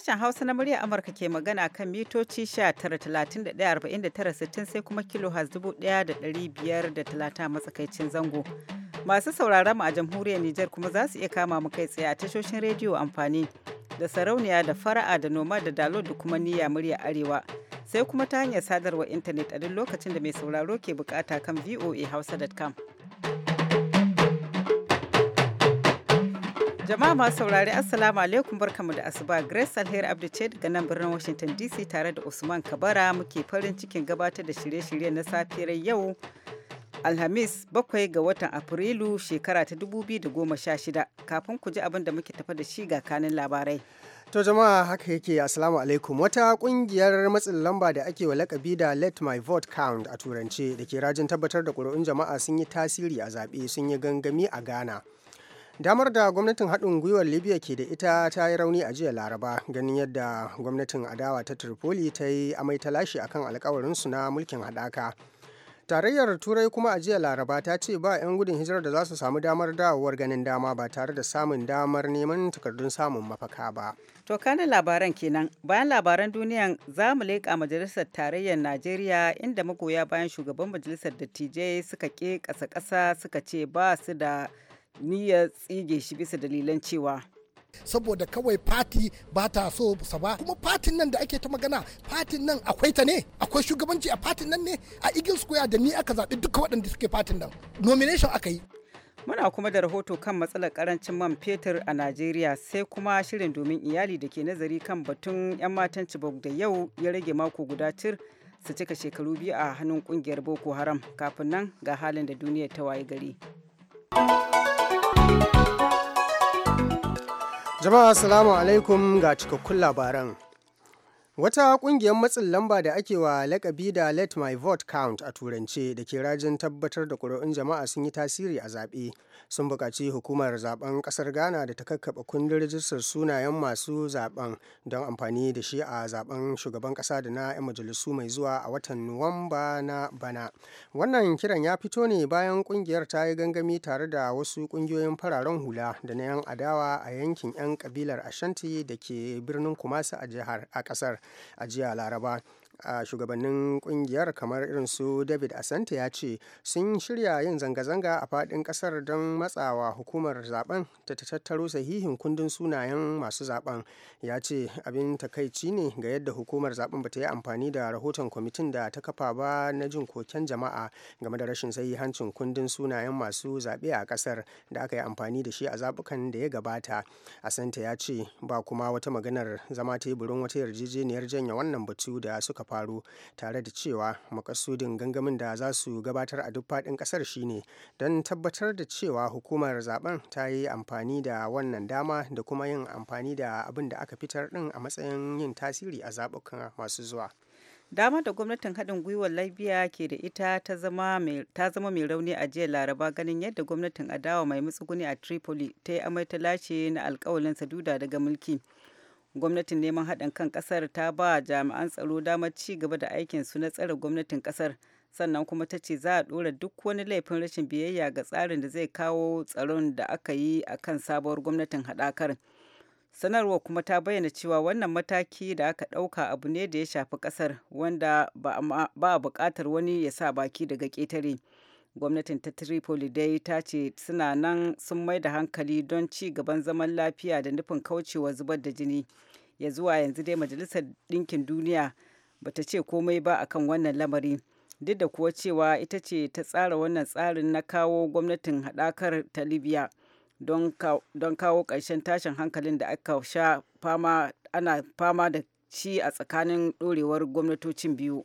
Sashen Hausa na murya Amurka ke magana kan mitoci 19,31,49,60 sai kuma dubu da biyar da 1,530 matsakaicin zango. Masu sauraron mu a jamhuriyar Nijar kuma za su iya kama mu kai tsaye a tashoshin rediyo amfani da sarauniya da fara'a da noma da dalo da kuma niyya murya arewa. Sai kuma ta hanyar sadarwar intanet a duk lokacin da mai sauraro ke bukata kan voahausa.com. Jama'a masu saurari Assalamu alaikum barkamu da asuba Grace Alheri Abdu ce nan birnin Washington DC tare da Usman Kabara muke farin cikin gabatar da shirye-shirye na safiyar yau Alhamis bakwai ga watan Afrilu shekara ta 2016 kafin ku ji abin da muke tafa da shi ga kanin labarai. To jama'a haka yake assalamu alaikum wata kungiyar matsin lamba da ake wa lakabi da let my vote count a turance da ke rajin tabbatar da ƙuri'un jama'a sun yi tasiri a zaɓe sun yi gangami a Ghana. damar da gwamnatin haɗin gwiwar libya ke da ita ta yi rauni a jiya laraba ganin yadda gwamnatin adawa ta tripoli ta yi amai talashi akan alkawarinsu na mulkin haɗaka tarayyar turai kuma a jiya laraba ta ce ba 'yan gudun hijirar da za su samu damar dawowar ganin dama ba tare da samun damar neman takardun samun mafaka ba to kanin labaran kenan bayan labaran duniya za mu leƙa majalisar tarayyar najeriya inda magoya bayan shugaban majalisar dattijai suka ke ƙasa-ƙasa suka ce ba su da niyyar tsige shi bisa dalilan cewa saboda kawai fati ba ta so sa ba kuma fatin nan da ake ta magana fatin nan akwai ta ne akwai shugabanci a fatin nan ne a igil square da ni aka zaɓi duka waɗanda suke fatin nan nomination aka yi muna kuma da rahoto kan matsalar karancin man fetur a najeriya sai kuma shirin domin iyali da ke nazari kan batun 'yan matan cibok da yau ya rage mako guda tir su cika shekaru biyu a hannun kungiyar boko haram kafin nan ga halin da duniya ta waye gari. Jama'a salamu alaikum ga cikakkun labaran. Wata kungiyar matsin lamba da ake wa lakabi da Let My Vote Count a Turance da ke rajin tabbatar da ƙuri'un jama'a sun yi tasiri a zaɓe sun buƙaci hukumar zaben ƙasar Ghana da ta kakkaɓa kundin rijistar sunayen masu zaben don amfani da shi a zaben shugaban ƙasa da na 'yan majalisu mai zuwa a watan Nuwamba na bana. Wannan kiran ya fito ne bayan kungiyar ta yi gangami tare da wasu kungiyoyin fararen hula da na 'yan adawa a yankin 'yan kabilar Ashanti da ke birnin Kumasi a jihar a ƙasar. a jiya laraba a shugabannin kungiyar kamar irin su david asante ya ce sun shirya yin zanga-zanga a fadin kasar don matsawa hukumar zaben ta tattaro sahihin kundin sunayen masu zaben ya ce abin takaici ne ga yadda hukumar zaben bata yi amfani da rahoton kwamitin da ta kafa ba na jin koken jama'a game da rashin sahihancin kundin sunayen masu zaɓe a kasar da aka yi amfani da shi a zabukan da ya gabata asante ya ce ba kuma wata maganar zama teburin wata yarjejeniyar janya wannan batu da suka faru tare da cewa makasudin gangamin da za su gabatar a duk faɗin ƙasar shine don tabbatar da cewa hukumar zaben ta yi amfani da wannan dama da kuma yin amfani da abin da aka fitar ɗin a matsayin yin tasiri a zaɓukan masu zuwa. dama da gwamnatin haɗin gwiwar laibiya ke da ita ta zama mai rauni a jiya laraba ganin yadda gwamnatin adawa mai matsuguni a tripoli ta yi amai ta lace na alkawalin saduda daga mulki gwamnatin neman haɗin kan ƙasar ta ba jami'an tsaro damar ci gaba da aikin su na tsare gwamnatin ƙasar sannan kuma ta ce za a ɗora duk wani laifin rashin biyayya ga tsarin da zai kawo tsaron da aka yi a kan sabuwar gwamnatin haɗakar sanarwa kuma ta bayyana cewa wannan mataki da aka ɗauka abu ne da ya shafi ƙasar wanda ba a buƙatar wani ya sa baki daga ƙetare. gwamnatin ta tripoli dai ta ce suna nan sun mai da hankali don ci gaban zaman lafiya da nufin kaucewa zubar da jini ya zuwa yanzu dai majalisar ɗinkin duniya ba ta ce komai ba akan wannan lamari duk da kuwa cewa ita ce ta tsara wannan tsarin na kawo gwamnatin haɗakar ta libya don kawo ƙarshen tashin hankalin da aka sha fama ana fama da shi a tsakanin ɗorewar gwamnatocin biyu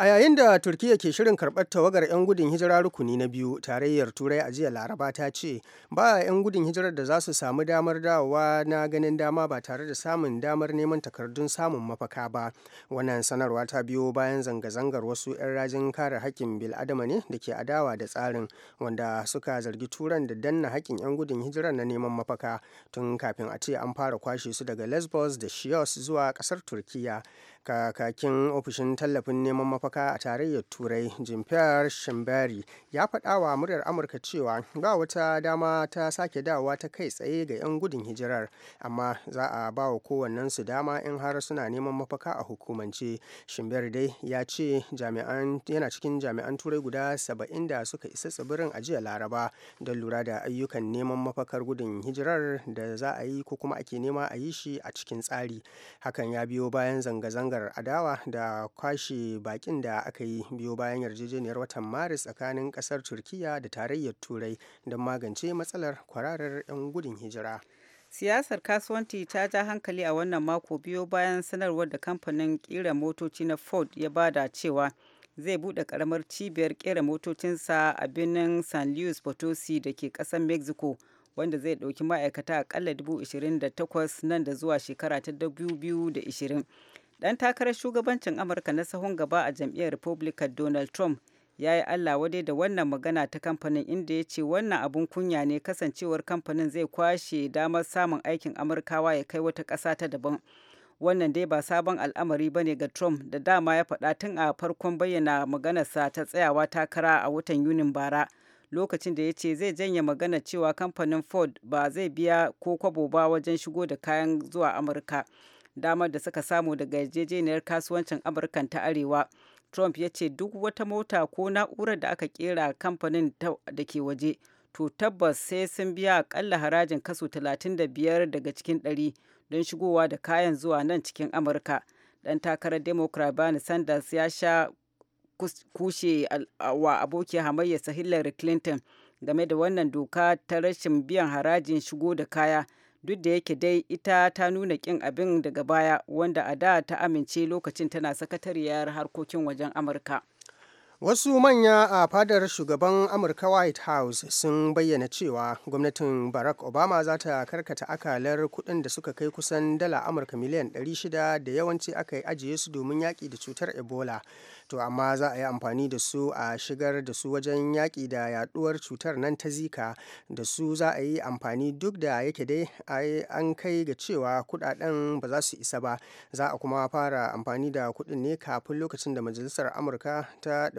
A yayin da Turkiyya ke shirin karɓar tawagar 'yan gudun hijira rukuni na biyu, tarayyar Turai a jiya Laraba ta ce ba 'yan gudun hijirar da za su samu damar dawowa na ganin dama ba tare da samun damar neman takardun samun mafaka ba. Wannan sanarwa ta biyo bayan zanga-zangar wasu 'yan rajin kare hakkin adama ne da ke adawa da tsarin wanda suka zargi Turan da danna hakkin 'yan gudun hijirar na neman mafaka tun kafin a ce an fara kwashe su daga Lesbos da Chios zuwa ƙasar Turkiyya. kakakin ofishin tallafin neman mafaka a tarayyar turai jimfiyar shimbari ya faɗa wa muryar amurka cewa ba wata dama ta sake dawa ta kai tsaye ga 'yan gudun hijirar amma za a ba wa kowannensu dama in har suna neman mafaka a hukumance shimbari dai ya ce yana cikin jami'an turai guda saba'in da suka isa tsibirin a jiya laraba don lura da ayyukan neman mafakar gudun hijirar da za a yi ko kuma ake nema a yi shi a cikin tsari hakan ya biyo bayan zanga-zanga zanga adawa da kwashe bakin da aka yi biyo bayan yarjejeniyar watan maris tsakanin kasar turkiya da tarayyar turai don magance matsalar kwararar 'yan gudun hijira siyasar kasuwanci ta ja hankali a wannan mako biyo bayan sanarwar da kamfanin kera motoci na ford ya bada cewa zai bude karamar cibiyar kera motocinsa a birnin san luis potosi da ke kasar mexico wanda zai dauki ma'aikata akalla 28 nan da zuwa shekara ta 2020 Dan takarar shugabancin Amurka na sahun gaba a jam'iyyar Republican Donald Trump ya yi Allah wadai da wannan magana ta kamfanin inda ya ce wannan abun kunya ne kasancewar kamfanin zai kwashe damar samun aikin Amurkawa ya kai wata ƙasa ta daban. Wannan dai ba sabon al'amari ba ne ga Trump da dama ya faɗa tun a farkon bayyana maganarsa ta tsayawa takara a watan Yunin bara. lokacin da ya ce zai janye magana cewa kamfanin ford ba zai biya ko kwabo ba wajen shigo da kayan zuwa amurka damar da suka samu daga yarjejeniyar kasuwancin amurkan ta arewa trump ya ce duk wata mota ko na'urar da aka kera kamfanin da ke waje to tabbas sai sun biya akalla harajin kaso 35 daga cikin 100 don shigowa da kayan zuwa nan cikin amurka dan takarar democrat bernie sanders ya sha kushe wa abokiyar hamayyarsa hillary clinton game da wannan doka ta rashin biyan harajin shigo da kaya duk da yake dai ita ta nuna kin abin daga baya wanda a da ta amince lokacin tana sakatariyar harkokin wajen amurka wasu manya a fadar shugaban amurka white house sun bayyana cewa gwamnatin barack obama za ta karkata akalar kudin da suka kai kusan dala amurka miliyan 600 da yawanci aka yi ajiye su domin yaƙi da cutar ebola to amma za a yi amfani da su a shigar da su wajen yaƙi da yaɗuwar cutar nan ta zika da su za a yi amfani duk da yake dai an kai ga cewa kuɗaɗen ba za su isa ba za a kuma fara amfani da kuɗin ne kafin lokacin da majalisar amurka za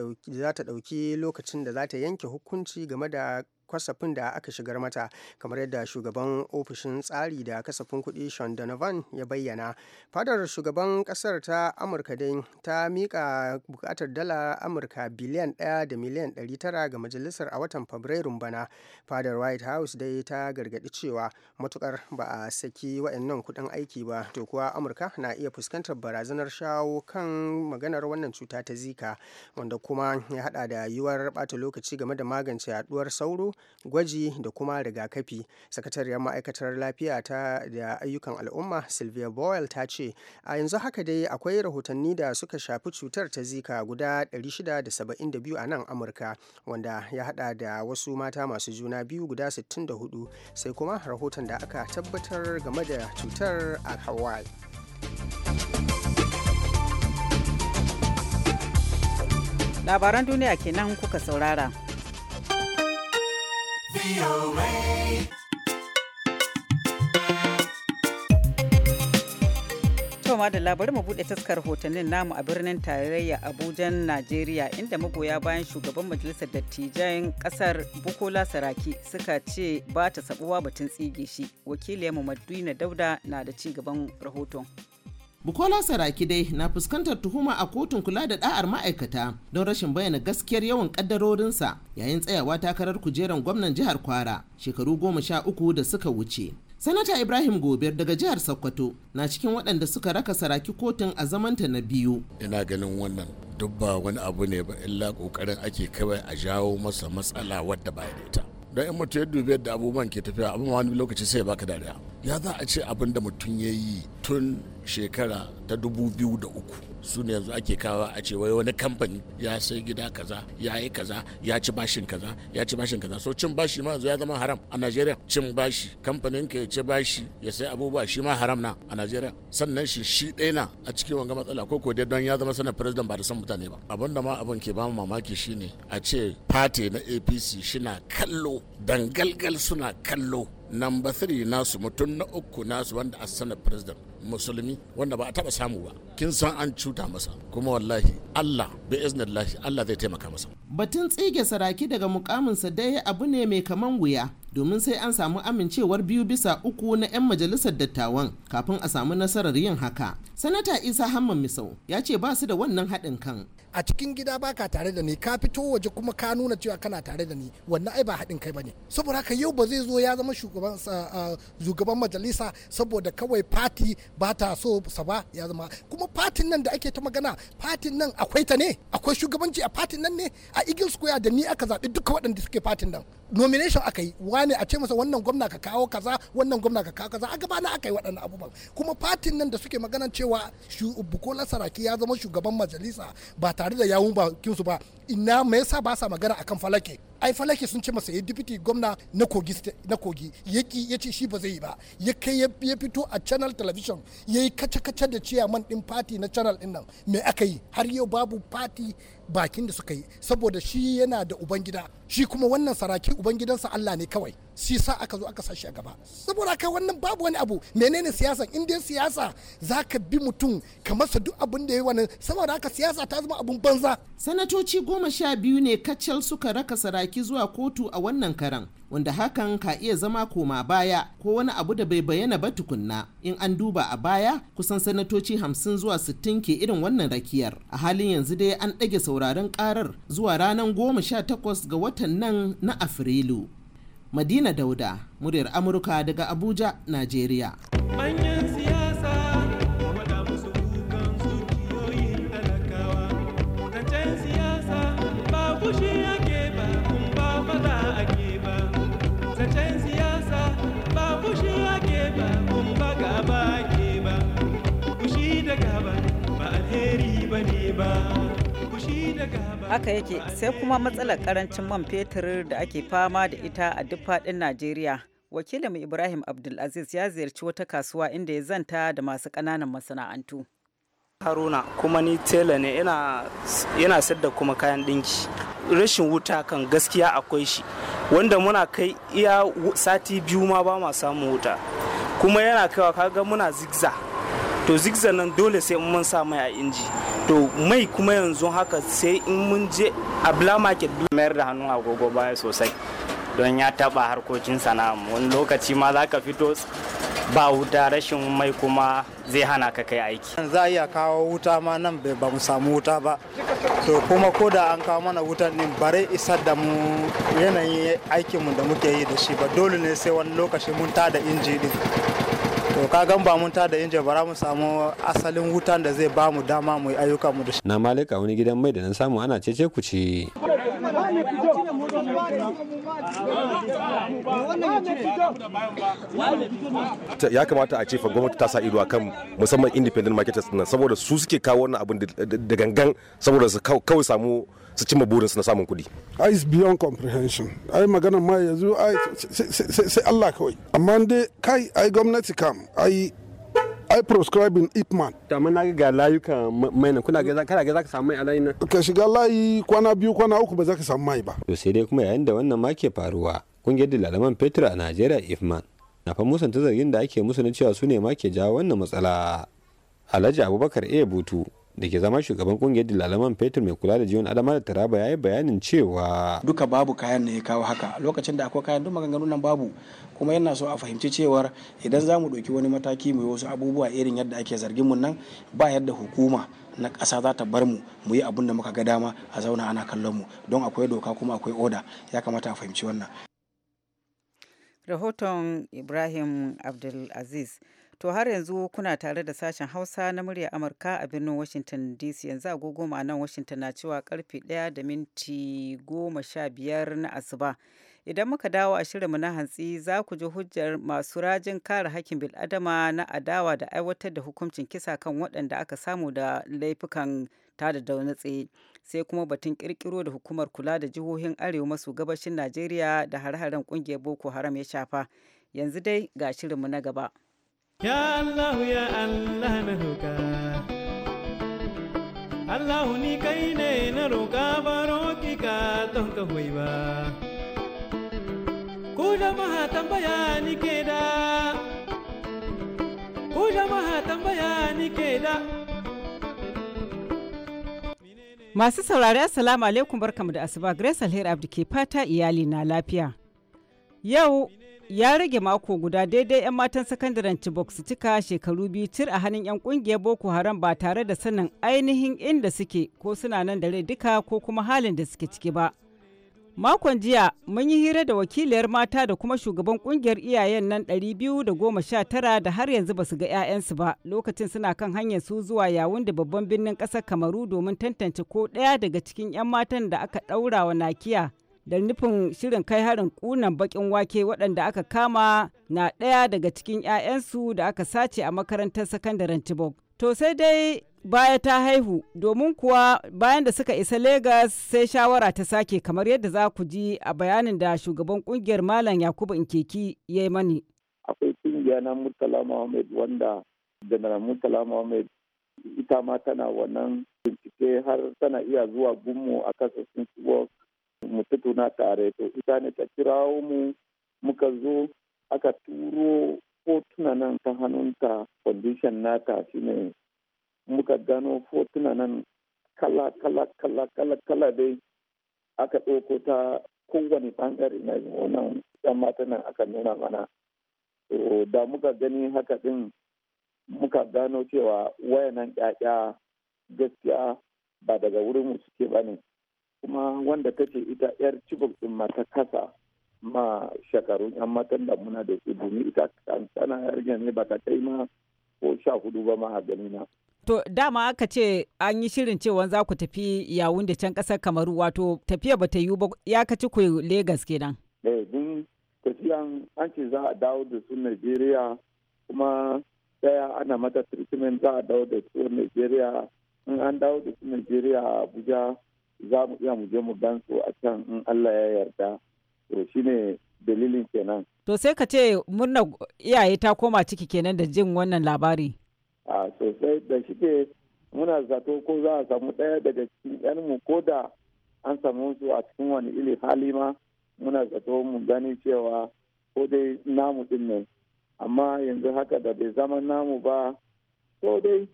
ta ɗauki lokacin da za ta yanke hukunci game da kwasafin da aka shigar mata kamar yadda shugaban ofishin tsari da kasafin kuɗi Sean Donovan ya bayyana. Fadar shugaban ƙasar ta Amurka dai ta miƙa buƙatar dala Amurka biliyan ɗaya da miliyan ɗari tara ga majalisar a watan Fabrairun bana. Fadar White House dai ta gargaɗi cewa matukar ba a saki waɗannan kuɗin aiki ba to kuwa Amurka na iya fuskantar barazanar shawo kan maganar wannan cuta ta zika wanda kuma ya haɗa da yiwuwar bata lokaci game da magance yaduwar sauro gwaji da kuma rigakafi sakatariyar ma'aikatar lafiya ta da ayyukan al'umma sylvia boyle ta ce a yanzu haka dai akwai rahotanni da suka shafi cutar ta zika guda 672 a nan amurka wanda ya hada da wasu mata masu juna biyu guda 64 sai kuma rahoton da aka tabbatar game da cutar a hawaii labaran duniya kenan kuka saurara Toma da labarin mu buɗe taskar hotunan namu a birnin tarayya Abujan, Najeriya inda magoya bayan shugaban majalisar dattijan ƙasar Bukola Saraki suka ce ba ta sabuwa batun tsige shi. Wakiliyar Madina Dauda na da ci gaban rahoton. Bukola Saraki dai na fuskantar tuhuma a kotun kula da da'ar ma'aikata don rashin bayyana gaskiyar yawan kaddarorinsa yayin tsayawa takarar kujeran gwamnan jihar Kwara shekaru goma sha uku da suka wuce. Sanata Ibrahim Gobir daga jihar Sokoto na cikin waɗanda suka raka Saraki kotun a zamanta na biyu. Ina ganin wannan duk ba wani abu ne ba illa ƙoƙarin ake kawai a jawo masa matsala wadda ba ita. don in mutu ya dubi yadda abubuwan ke tafiya abin wani lokaci sai baka dariya ya za a ce abin da mutum ya yi tun shekara ta dubu biyu da uku su ne yanzu ake kawa a ce wai wani kamfani ya sai gida kaza ya yi kaza ya ci bashin kaza ya ci bashin kaza so cin bashi ma yanzu ya zama haram a Najeriya cin bashi kamfanin ka ya ci bashi ya sai abubuwa shi ma haram na a Najeriya sannan shi shi ɗaya na a cikin wanga matsala ko ko don ya zama sanar president ba da san mutane ba abin da ma abin ke ba mu mamaki shine a ce fate na APC shina kallo dangalgal suna kallo number 3 nasu mutum na uku nasu wanda a sanar president musulmi wanda ba a taba samu ba kin san an cuta masa kuma wallahi Allah bi iznillahi Allah zai taimaka masa batun tsige saraki daga mukamin sa dai abu ne mai kaman wuya domin sai an samu amincewar biyu bisa uku na 'yan majalisar dattawan kafin a samu nasarar yin haka sanata isa hamman misau ya ce ba su da wannan haɗin kan a cikin gida baka tare da ni ka fito waje kuma ka nuna cewa kana tare da ni wannan ai ba haɗin kai bane saboda haka yau ba zai zo ya zama shugaban shugaban majalisa saboda kawai fati ba ta so sa ba ya zama kuma fatin nan da ake ta magana fatin nan akwai ta ne akwai shugabanci a fatin nan ne a eagle square da ni aka zaɓi duka waɗanda suke fatin nan nomination aka yi wane a ce masa wannan gwamna ka kawo kaza wannan gwamna ka kawo kaza a gaba na aka yi waɗannan abubuwan kuma fatin nan da suke magana cewa bukola saraki ya zama shugaban majalisa ba tare da yawun bakinsu ba ina me yasa ba sa magana akan falake ai falake sun ce masa ya eh, dipiti gwamna na kogi na kogi yaki ya ce shi ba zai yi ba ya kai ya fito a channel television ya yi kace-kace da chairman din party na channel din nan me aka yi har yau babu party bakin da suka yi saboda shi yana da ubangida shi kuma wannan saraki ubangidansa Allah ne kawai shi sa aka zo aka sashi a gaba saboda haka wannan babu wani abu menene siyasa in dai siyasa zaka bi mutum ka masa duk abin da ya wannan saboda haka siyasa ta zama abun banza sanatoci goma sha biyu ne kacal suka raka saraki zuwa kotu a wannan karan wanda hakan ka iya zama koma baya ko wani abu da bai bayyana ba tukunna in an duba a baya kusan sanatoci hamsin zuwa sittin ke irin wannan rakiyar a halin yanzu dai an ɗage sauraron ƙarar zuwa ranar goma sha takwas ga watan nan na afrilu madina dauda muryar amurka daga abuja najeriya haka yake sai kuma matsalar karancin man fetur da ake fama da ita a duk faɗin najeriya wakilin ibrahim abdulaziz ya ziyarci wata kasuwa inda ya zanta da masu ƙananan masana'antu haruna kuma ni tela ne yana sadda kuma kayan ɗinki rashin wuta kan gaskiya akwai shi wanda muna kai iya sati biyu ma ba ma samun wuta kuma yana kaiwa kaga muna zigza to zigzag nan dole sai mun sa mai a inji to mai kuma yanzu haka sai in mun je a black market mayar da hannun agogo baya sosai don ya taba harkokin sana'a wani lokaci ma za ka fito ba wuta rashin mai kuma zai hana ka kai aiki za a iya kawo wuta ma nan ba mu samu wuta ba to kuma ko da an kawo mana wuta din bare isa da mu yanayin aikinmu da muke yi da shi ba dole ne sai wani lokaci mun tada inji din to gan ba mun da injin bara mu samu asalin wutan da zai ba mu dama mu yi ayyukan mu da shi na malika wani gidan mai da na samu ana cece ku ce ya kamata a ce fa gwamnati ta sa ido a kan musamman independent marketers nan saboda su suke kawo wannan abin da gangan saboda su kawai samu su cimma burinsu na samun kuɗi. I is beyond comprehension. Ai magana ma yanzu ai sai Allah kawai. Amma dai kai ai gwamnati kam ai ai proscribing ipman da mun ga layuka mai nan kuna ga kana ga zaka samu mai a nan ka shiga layi kwana biyu kwana uku ba zaka samu mai ba to sai dai kuma yayin da wannan ma ke faruwa kungiyar dilalaman fetur a Najeriya ipman na fa musanta zargin da ake musu na cewa su ne ma ke jawo wannan matsala Alhaji Abubakar ebutu. Butu da ke zama shugaban kungiyar dilalaman fetur mai kula da jiyon adama da taraba ya yi bayanin cewa duka babu kayan ne ya kawo haka lokacin da akwai kayan duk maganganu nan babu kuma yana so a fahimci cewar idan za mu ɗauki wani mataki mu yi wasu abubuwa irin yadda ake zargin mu nan ba yadda hukuma na ƙasa za ta bar mu mu yi abin da muka ga dama a zauna ana kallon mu don akwai doka kuma akwai oda ya kamata a fahimci wannan rahoton ibrahim abdulaziz To har yanzu kuna tare da sashen Hausa na murya Amurka a birnin Washington DC yanzu agogo nan Washington na cewa karfe 1 da minti 15 na asuba. Idan muka dawo a shirinmu na hantsi za ku ji hujjar masu rajin kare hakkin bil'adama na adawa da aiwatar da hukuncin kisa kan waɗanda aka samu da laifukan tada da tsaye sai kuma batun kirkiro da hukumar kula da jihohin arewa maso gabashin Najeriya da har-haren ƙungiyar Boko Haram ya shafa. Yanzu dai ga shirinmu na gaba. Ya Allah ya Allah na roka. Allah ni kai ne na roka baro ki ka don ka hoi ba Ku jama'a tambaya ni ke da Ku jama'a tambaya ni ke da Masu saurari assalamu alaikum barkamu da asuba Grace Alheri Abdi ke fata iyali na lafiya Yau ya rage mako guda daidai 'yan matan sakandaren Chibok su cika shekaru biyu cir a hannun 'yan kungiyar Boko Haram ba tare da sanin ainihin inda suke ko suna nan da rai duka ko kuma halin da suke ciki ba. Makon jiya mun yi hira da wakiliyar mata da kuma shugaban kungiyar iyayen nan 219 da har yanzu ba su ga 'ya'yansu ba lokacin suna kan hanyar su zuwa yawun da babban birnin ƙasar Kamaru domin tantance ko ɗaya daga cikin 'yan matan da aka ɗaura wa nakiya da nufin shirin kai harin kunan bakin wake waɗanda aka kama na ɗaya daga cikin 'ya'yansu da aka sace a makarantar sakandaren Chibok. To sai dai baya ta haihu domin kuwa bayan da suka isa Legas sai shawara ta sake kamar yadda za ku ji a bayanin da shugaban kungiyar Malam Yakubu Inkeki ya yi mani. Akwai kungiya na Murtala mohammed wanda General Murtala mohammed ita ma tana wannan bincike har tana iya zuwa gummu a kasashen Chibok mu tattauna tare to ita ne ta kirawo mu muka zo aka turo fotuna nan ta hannunta condition nata shine muka gano fotuna nan kala kala kala kala kala dai aka ɗauko ta kowane bangare na wannan ɗan mata nan aka nuna mana to da muka gani haka din muka gano cewa wayanan ƴaƴa gaskiya ba daga wurin mu suke ba ne kuma wanda ta ita yar cibok din mata kasa ma shekarun yan matan da muna da su domin ita kankana yarge ne ba ta kai ma ko sha hudu ba ma a gani na. To dama aka ce an yi shirin cewa za ku tafi yawun da can kasar Kamaru wato tafiya ba ta yiwu ba ya kaci ku Legas kenan. Eh dun tafiyan an ce za a dawo da su Najeriya kuma daya ana mata treatment za a dawo da su Najeriya in an dawo da su Najeriya Abuja za mu iya mu je mu gan su a can in Allah ya yarda to shine dalilin kenan to sai ka ce murna iyaye ta koma ciki kenan da jin wannan labari a sosai da shike muna zato ko za a samu ɗaya daga cikin yan mu ko da an samu su a cikin wani ili hali ma muna zato mu gani cewa ko dai namu din ne amma yanzu haka da bai zama namu ba ko dai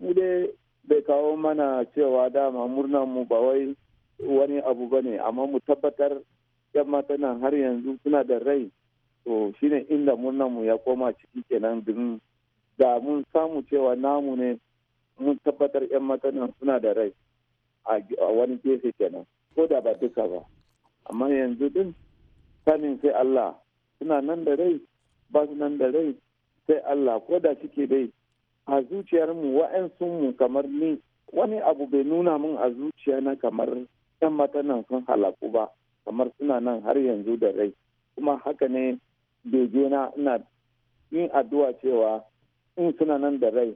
mu dai bai kawo mana cewa dama murnan mu ba wai wani abu ba ne amma mu tabbatar yan nan har yanzu suna da rai to shine inda murnan mu ya koma ciki kenan din da mun samu cewa namu ne mun tabbatar yan nan suna da rai a wani gefe kenan ko da ba duka ba amma yanzu din sanin sai Allah suna nan da rai ba su nan da rai sai Allah ko da suke dai a zuciyar mu kamar ni wani abu bai nuna min a zuciya na kamar yan mata nan sun halaku ba kamar suna nan har yanzu da rai kuma haka ne bege na ina yin addu'a cewa in suna nan da rai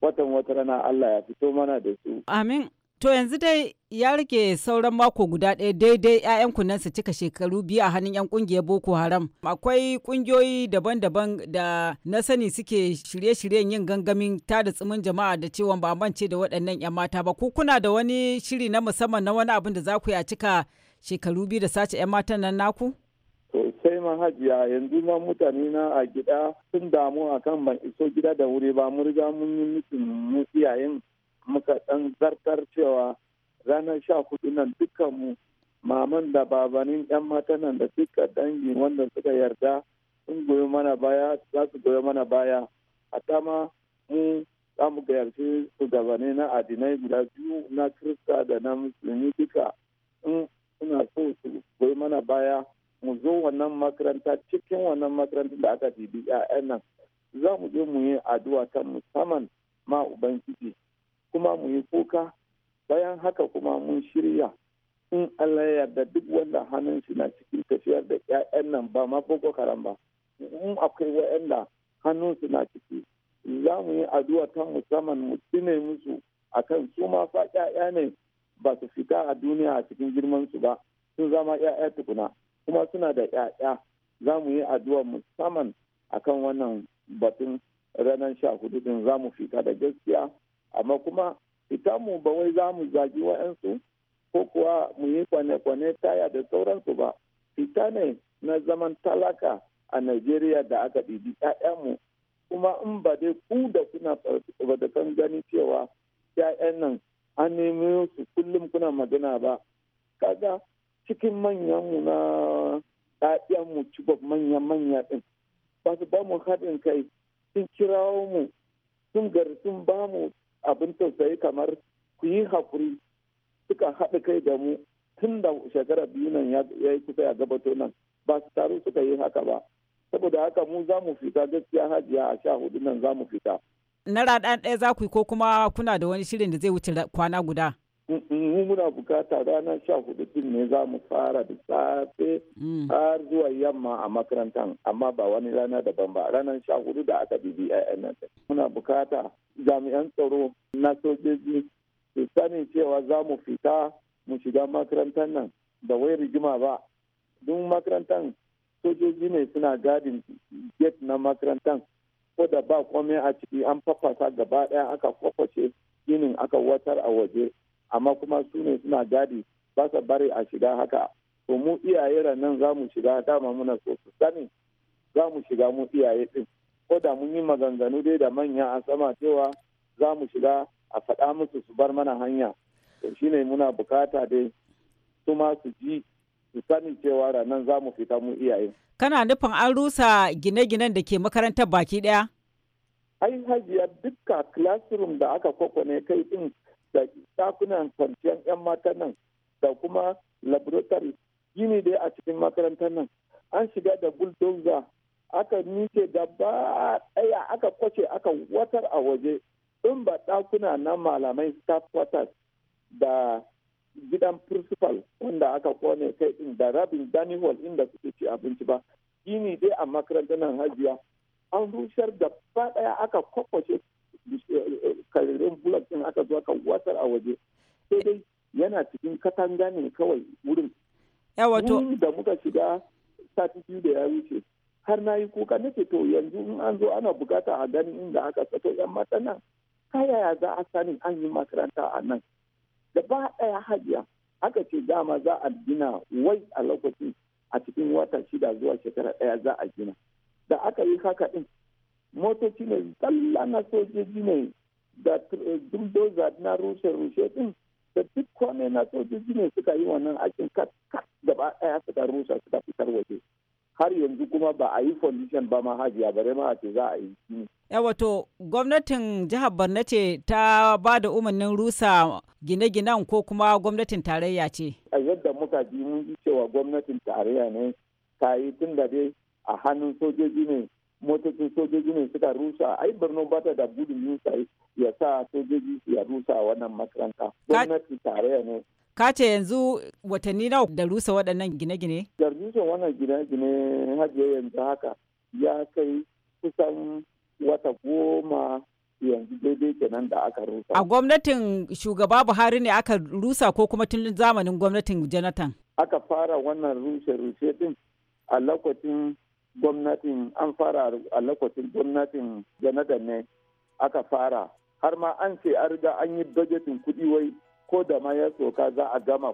watan wata rana Allah ya fito mana da su. Amin. To yanzu dai ya rike sauran mako guda ɗaya daidai 'ya'yanku nan su cika shekaru biyu a hannun 'yan ƙungiyar Boko Haram. Akwai ƙungiyoyi daban-daban da na sani suke shirye-shiryen yin gangamin tada tsimin jama'a da cewa ba mance da waɗannan 'yan mata ba. Ku kuna da wani shiri na musamman na wani abin da za ku yi cika shekaru biyu da sace 'yan matan nan naku? sai manhajiya yanzu na mutane na a gida sun damu akan ban iso gida da wuri ba mu riga mun yi mutum mu iyayen muka ɗan zartar cewa ranar sha hudu nan dukkanmu maman da babanin 'yan mata nan da duka dangi wanda suka yarda sun goyi mana baya za su goyi mana baya ta ma mu za mu gayarci gabane na adinai guda biyu na kirista da na musulmi duka in suna so su goyi mana baya mu zo wannan makaranta cikin wannan makaranta da aka bibi 'ya'yan nan za mu je mu yi addu'a ta musamman ma ubangiji kuma mu yi kuka bayan haka kuma mun shirya in Allah ya yarda duk wanda hannun shi na cikin tafiyar da 'ya'yan nan ba ma boko karam ba in akwai wa'anda hannun su na ciki za mu yi addu'a ta musamman mu cine musu akan su ma fa 'ya'ya ne ba su fita a duniya a cikin girman su ba sun zama 'ya'ya tukuna kuma suna da 'ya'ya za mu yi addu'a musamman akan wannan batun ranar sha hudu din za mu fita da gaskiya amma kuma ita mu ba wai za mu zagi wa'yansu ko kuwa mu yi kwane-kwane taya da sauransu ba fita ne na zaman talaka a Najeriya da aka ɗibi mu kuma in ba dai ku da kuna da kan gani cewa ‘ya'yan nan an nemi su kullum kuna magana ba kaga cikin manyan mu na mu cibab manya-manya ɗin ba su ba mu haɗin kai sun kirawo mu sun gari sun ba mu abin tausayi kamar ku yi haƙuri suka haɗa kai da mu tun da shekara biyu nan ya yi kusa ya gabato nan ba su taru suka yi haka ba saboda haka mu za mu fita gaskiya hajiya a sha hudu nan za mu fita. na raɗa ɗaya za ku yi ko kuma kuna da wani shirin da zai wuce kwana guda. mu muna bukata ranar sha hudu din ne za mu fara da safe mm. har zuwa yamma a makarantar amma ba wani rana daban ba ranar sha hudu da aka bibi nan muna bukata jami'an tsaro na sojoji su sani cewa za mu fita mu shiga makarantar nan da wai rigima ba duk makarantar sojoji ne suna gadin gate na makarantar ko da ba komai a ciki an fafasa gaba daya aka kwakwace ginin aka watar a waje amma kuma su ne suna gadi ba sa bari a shiga haka to mu iyaye nan za mu shiga dama muna so su sani za mu shiga mu iyaye din ko da mun yi maganganu dai da manya a sama cewa za mu shiga a faɗa musu su bar mana hanya to shine muna bukata dai su ma su ji su sani cewa ranar za mu fita mu iyaye. Kana nufin an rusa gine-ginen da ke makarantar baki ɗaya? Ai hajiya dukka classroom da aka kwakwane kai din da ɗakunan kwanciyar 'yan matan nan da kuma laboratory gini dai a cikin makarantar nan an shiga da bulldozer aka nike gaba ɗaya aka kwace aka watar a waje in ba ɗakuna na malamai staff quarters da gidan principal wanda aka kone kai din da rabin dani hall inda suke ci abinci ba gini dai a makarantar nan hajiya an rushar da ɗaya aka kwakwace karirin bulat din aka zo aka watsar a waje sai dai yana cikin katanga ne kawai wurin wato da muka shiga sati biyu da ya wuce har na yi kuka nake to yanzu in an zo ana bukata a gani inda aka sato yan mata nan yaya za a sani an yi makaranta a nan da ba ɗaya hajiya aka ce dama za a gina wai a lokacin a cikin wata shida zuwa shekara ɗaya za a gina da aka yi haka din. motoci ne tsalla na sojoji ne da eh, bulldozer na rushe-rushe din da duk kome na sojoji ne suka yi wannan aikin kat kat gaba ɗaya suka rusa suka fitar waje har yanzu kuma ba a yi foundation ba ma hajiya bare ma ce za a yi shi eh, wato gwamnatin jihar borno ce ta ba da umarnin rusa gine-ginen ko kuma gwamnatin tarayya ce a yadda muka ji mun ji cewa gwamnatin tarayya ne ta yi tun da dai a hannun sojoji ne motocin sojoji ne suka rusa ai borno ba da gudun yusa ya sa sojoji su ya rusa wannan makaranta gwamnati tarayya ne ka ce yanzu watanni nawa da rusa waɗannan gine-gine da rusa wannan gine-gine hajiya yanzu haka ya kai kusan wata goma yanzu daidai kenan da aka rusa. A gwamnatin shugaba Buhari ne aka rusa ko kuma tun zamanin gwamnatin Jonathan? Aka fara wannan rushe-rushe din a lokacin gwamnatin an fara a lokacin gwamnatin janadar ne aka fara har ma an ce an riga an yi bajetin kuɗi wai ko da ma ya soka za a gama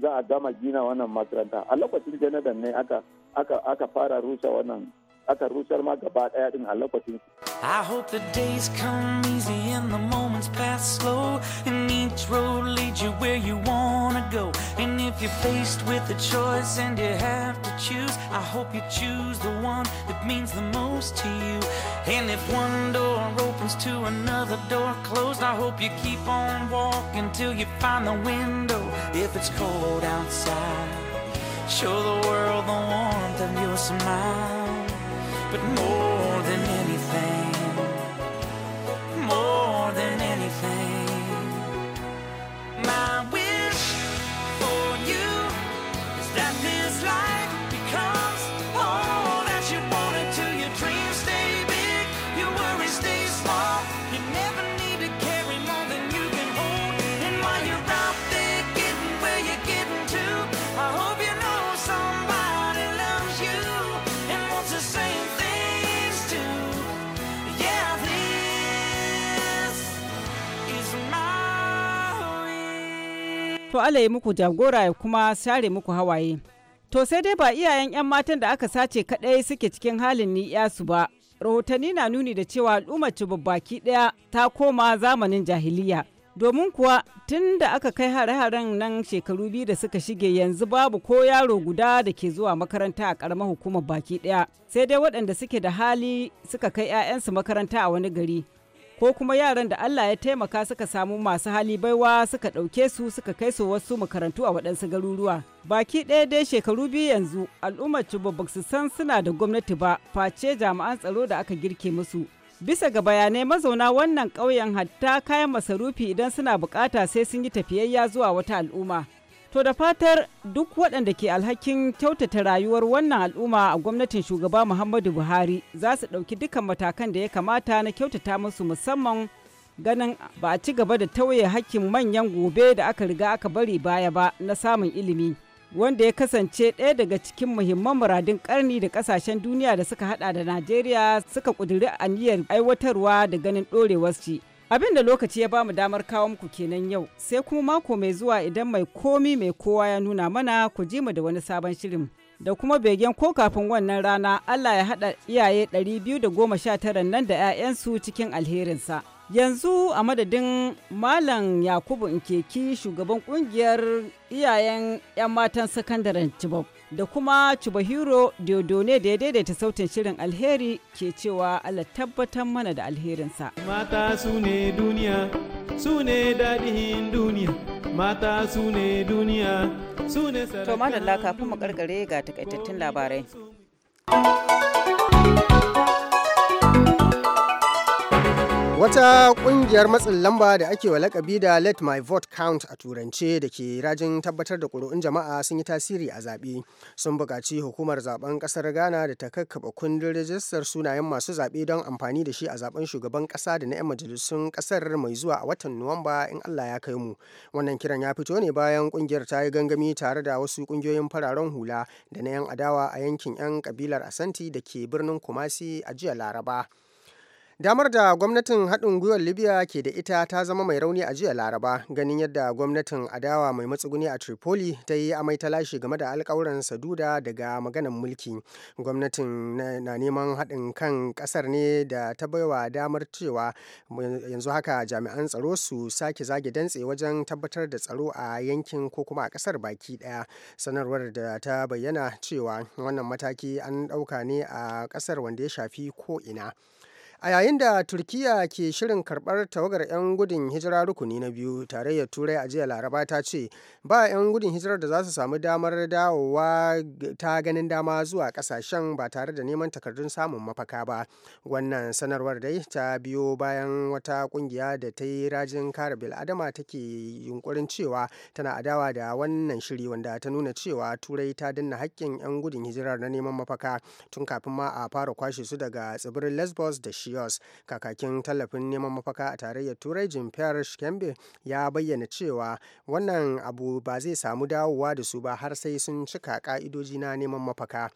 za a gama gina wannan makaranta a lokacin janadar ne aka aka aka fara rusa wannan aka rusar ma gaba daya din a lokacin I this road leads you where you wanna go. And if you're faced with a choice and you have to choose, I hope you choose the one that means the most to you. And if one door opens to another door closed, I hope you keep on walking till you find the window. If it's cold outside, show the world the warmth of your smile. But more To Allah ya muku jagora ya kuma share muku hawaye. To sai dai ba iyayen 'yan matan da aka sace kaɗai suke cikin halin su ba. Rahotanni na nuni da cewa al'ummar babbaki ɗaya ta koma zamanin jahiliya. Domin kuwa tun da aka kai hare-haren nan shekaru biyu da suka shige yanzu babu ko yaro guda da ke zuwa makaranta a ƙaramar hukumar baki ɗaya. Sai dai waɗanda suke da hali suka kai 'ya'yansu makaranta a wani gari. ko kuma yaran da Allah ya taimaka suka samu masu hali baiwa suka ɗauke su suka kai su wasu makarantu a waɗansu garuruwa. Baki ɗaya dai shekaru biyu yanzu al'ummar Cuba su san suna da gwamnati ba face jami'an tsaro da aka girke musu. Bisa ga bayanai mazauna wannan ƙauyen hatta kayan masarufi idan suna bukata sai sun yi tafiyayya zuwa wata al'umma. To da fatar duk waɗanda ke alhakin kyautata rayuwar wannan al'umma a gwamnatin shugaba Muhammadu Buhari za su ɗauki dukkan matakan da ya kamata na kyautata musu musamman ganin ba a ci gaba da tauye hakkin manyan gobe da aka riga aka bari baya ba na samun ilimi. Wanda ya kasance ɗaya daga cikin muhimman muradin ƙarni da ƙasashen duniya da suka haɗa da Najeriya suka ƙudiri aniyar aiwatarwa da ganin ɗorewar shi. Abin da lokaci ya bamu damar kawo muku kenan yau, sai kuma mako mai zuwa idan mai komi mai kowa ya nuna mana ku ji mu da wani sabon shirin. Da kuma begen ko kafin wannan rana Allah ya hada iyaye 219 nan da 'ya'yansu cikin alherinsa. Yanzu a madadin Malam Yakubu Nkeki shugaban kungiyar iyayen 'yan matan sakandaren Chibok. da kuma Chubahiro Diodone da ya daidaita sautin shirin alheri ke cewa Allah tabbatar mana da alherinsa. Mata su ne duniya, su ne daɗin duniya, mata su ne duniya, su ne To da kafin kuma ƙarƙare ga takaitattun labarai. Wata kungiyar matsin lamba da ake wa lakabi da Let My Vote Count a turance da ke rajin tabbatar da ƙuri'un jama'a sun yi tasiri a zaɓe. Sun buƙaci hukumar zaben ƙasar Ghana da ta kakkaba kundin rajistar sunayen masu zaɓe don amfani da shi a zaben shugaban ƙasa da na 'yan majalisun ƙasar mai zuwa a watan Nuwamba in Allah ya kai mu. Wannan kiran ya fito ne bayan kungiyar ta yi gangami tare da wasu kungiyoyin fararen hula da na 'yan adawa a yankin 'yan kabilar Asanti da ke birnin Kumasi a jiya Laraba. Damar da gwamnatin haɗin gwiwar Libya ke da ita ta zama mai rauni a jiya Laraba ganin yadda gwamnatin adawa mai matsuguni a Tripoli ta yi amai ta lashe game da alkawuran saduda daga maganan mulki. Gwamnatin na neman haɗin kan ƙasar ne da ta baiwa damar cewa yanzu haka jami'an tsaro su sake zage dantse wajen tabbatar da tsaro a yankin ko kuma a ƙasar baki ɗaya. Sanarwar da ta bayyana cewa wannan mataki an ɗauka ne a ƙasar wanda ya shafi ko ina. a yayin da turkiyya ke shirin karɓar tawagar 'yan gudun hijira rukuni na biyu tarayyar turai a jiya laraba ta ce ba 'yan gudun hijirar da za su samu damar dawowa ta ganin dama zuwa kasashen ba tare da neman takardun samun mafaka ba wannan sanarwar dai ta biyo bayan wata kungiya da ta yi rajin kare bil'adama take yunkurin cewa tana adawa da wannan shiri wanda ta nuna cewa turai ta danna hakkin 'yan gudun hijirar na neman mafaka tun kafin ma a fara kwashe su daga tsibirin lesbos da shi Yos kakakin tallafin neman mafaka a tarayyar turai Jim Pierre Schembe ya bayyana cewa wannan abu ba zai samu dawowa da su ba har sai sun cika ka'idoji na neman mafaka.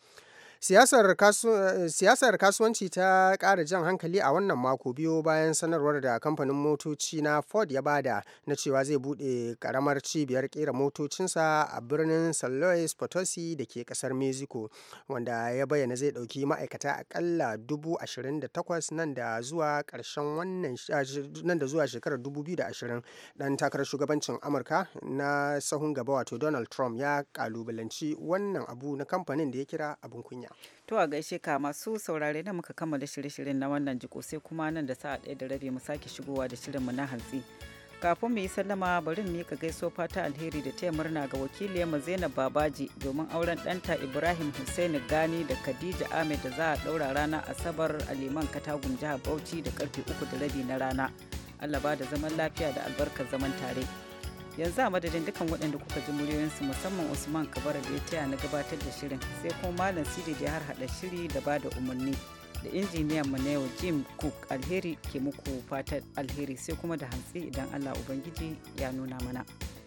Siyasar kasuwanci ta ƙara jan hankali a wannan mako biyu bayan sanarwar da kamfanin motoci na Ford ya bada na cewa zai bude karamar cibiyar ƙera motocinsa a birnin San Luis Potosi da ke ƙasar Mexico, wanda ya bayyana zai ɗauki ma'aikata aƙalla 28,000 nan da zuwa ƙarshen wannan nan da zuwa shekarar 2020. Ɗan takarar shugabancin Amurka na sahun gaba wato Donald Trump ya ƙalubalanci wannan abu na kamfanin da ya kira abin kunya. duniya. To a gaishe ka masu saurare na muka kammala shirye-shiryen na wannan jiko sai kuma nan da sa'a ɗaya da rabi mu sake shigowa da mu na hantsi. Kafin mu yi sallama bari mu ka gaiso fata alheri da taya murna ga wakiliyarmu Zainab Babaji domin auren ɗanta Ibrahim Hussein Gani da Khadija Ahmed da za a ɗaura rana Asabar a Liman Katagun jihar Bauchi da karfe uku da rabi na rana. Allah ba da zaman lafiya da albarkar zaman tare. yanzu a madadin dukkan waɗanda kuka ji muryoyinsu musamman usman kabara da ya taya na gabatar da shirin sai kuma malam sidi da har hada shiri da ba da umarni da injiniyan mu na yau jim cook alheri ke muku fatan alheri sai kuma da hantsi idan allah ubangiji ya nuna mana.